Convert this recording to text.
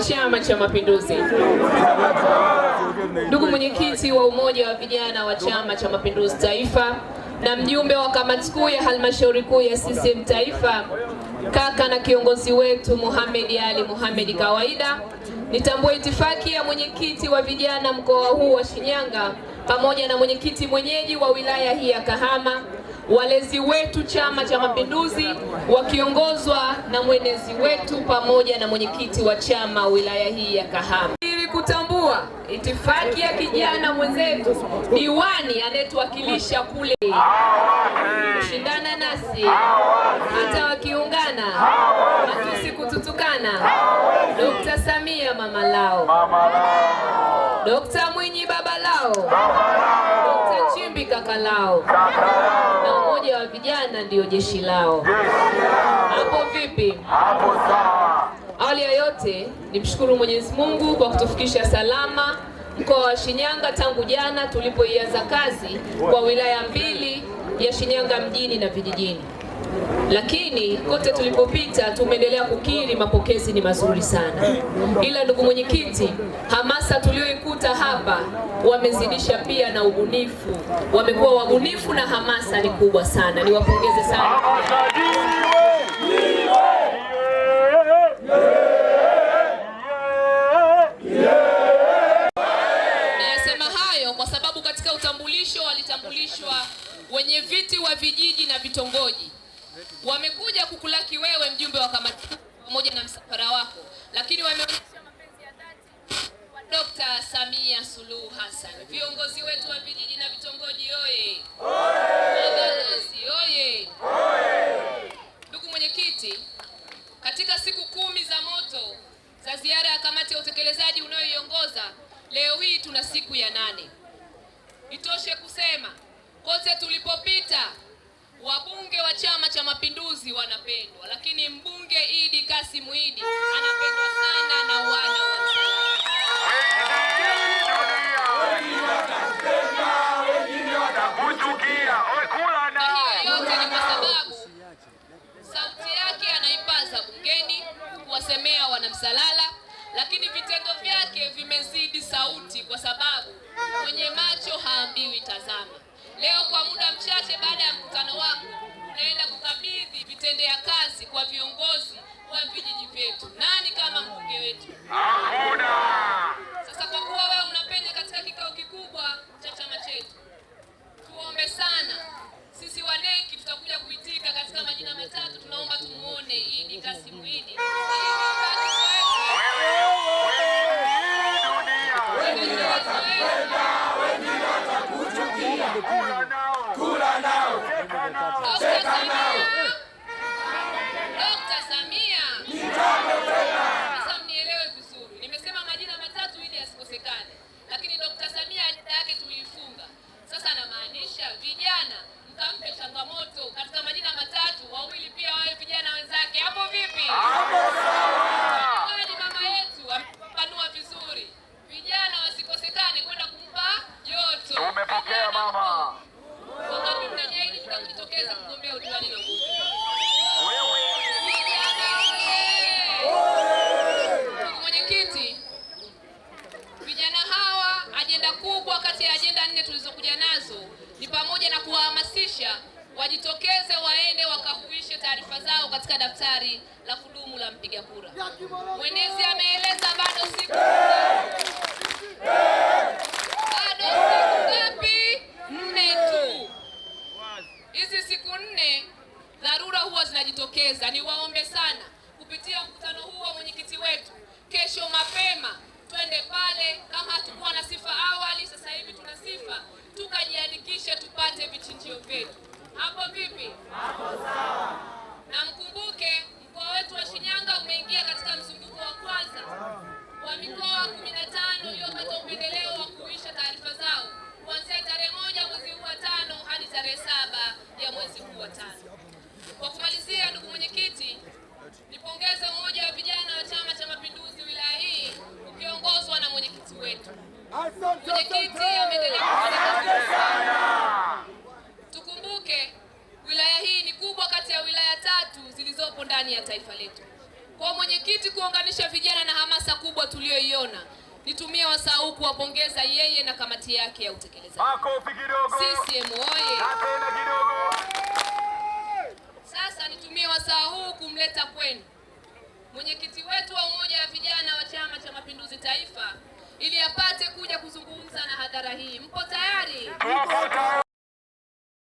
Chama cha Mapinduzi. Ndugu mwenyekiti wa umoja wa vijana wa Chama cha Mapinduzi Taifa na mjumbe wa kamati kuu ya halmashauri kuu ya CCM Taifa, kaka na kiongozi wetu muhamedi Ali muhamedi Kawaida, nitambue itifaki ya mwenyekiti wa vijana mkoa huu wa Shinyanga pamoja na mwenyekiti mwenyeji wa wilaya hii ya Kahama walezi wetu Chama cha Mapinduzi wakiongozwa na mwenezi wetu pamoja na mwenyekiti wa chama wilaya hii ya Kahama kutambua itifaki ya kijana mwenzetu diwani anayetuwakilisha kule kushindana nasi, hata wakiungana matusi kututukana. Dokta Samia mama lao, Dokta Mwinyi baba lao, Dokta Chimbi kaka lao vijana ndio jeshi lao. Hapo vipi? Hapo sawa. Awali ya yote nimshukuru Mwenyezi Mungu kwa kutufikisha salama mkoa wa Shinyanga tangu jana tulipoianza kazi kwa wilaya mbili ya Shinyanga mjini na vijijini lakini kote tulipopita tumeendelea kukiri mapokezi ni mazuri sana. Ila ndugu mwenyekiti, hamasa tuliyoikuta hapa wamezidisha pia na ubunifu, wamekuwa wabunifu na hamasa ni kubwa sana, niwapongeze sana. Nayasema hayo kwa sababu katika utambulisho walitambulishwa wenye viti wa vijiji na vitongoji Wamekuja kukulaki wewe mjumbe wa kamati pamoja na msafara wako, lakini wameonyesha mapenzi ya dhati kwa Dr. Samia Suluhu Hassan. Viongozi wetu wa vijiji na vitongoji oye! Mabalozi oye! Ndugu mwenyekiti, katika siku kumi za moto za ziara ya kamati ya utekelezaji unayoiongoza leo hii tuna siku ya nane. Itoshe kusema kote tulipopita Wabunge wa Chama cha Mapinduzi wanapendwa, lakini mbunge Idi Kasim Idi anapendwa sana na wana wa ni kwa sababu sauti yake anaipaza bungeni kuwasemea wanamsalala, lakini vitendo vyake vimezidi sauti, kwa sababu mwenye macho haambiwi tazama. Leo kwa muda mchache baada ya mkutano wangu, unaenda kukabidhi vitendea kazi kwa viongozi wa vijiji vyetu. Nani kama mbunge wetu? Hakuna. Sasa kwa kuwa kula nao, cheka nao. Dkt. Samia mitano tena. Sasa mnielewe vizuri, nimesema majina matatu ili asikosekane, lakini dokta Samia ajenda yake tuliifunga. Sasa anamaanisha vijana, mkampe changamoto katika majina matatu, wawili pia wawe vijana wenzake. Hapo vipi? Hapo sawa. maisha wajitokeze waende wakahuishe taarifa zao katika daftari la kudumu la mpiga kura. Mwenezi ameeleza bado siku bado siku ngapi? Nne tu. Hizi siku nne dharura huwa zinajitokeza. Niwaombe sana kupitia mkutano huu wa mwenyekiti wetu, kesho mapema twende pale. Kama hatukuwa na sifa awali, sasa hivi tuna sifa, tukajiandikishe tupate ifahamike, wilaya hii ni kubwa kati ya wilaya tatu zilizopo ndani ya taifa letu. Kwa mwenyekiti kuunganisha vijana na hamasa kubwa tuliyoiona, nitumie wasaa huu kuwapongeza yeye na kamati yake ya utekelezaji. CCM oye! Sasa nitumie wasaa huu kumleta kwenu mwenyekiti wetu wa umoja wa vijana wa Chama cha Mapinduzi Taifa ili apate kuja kuzungumza na hadhara hii. Mpo tayari?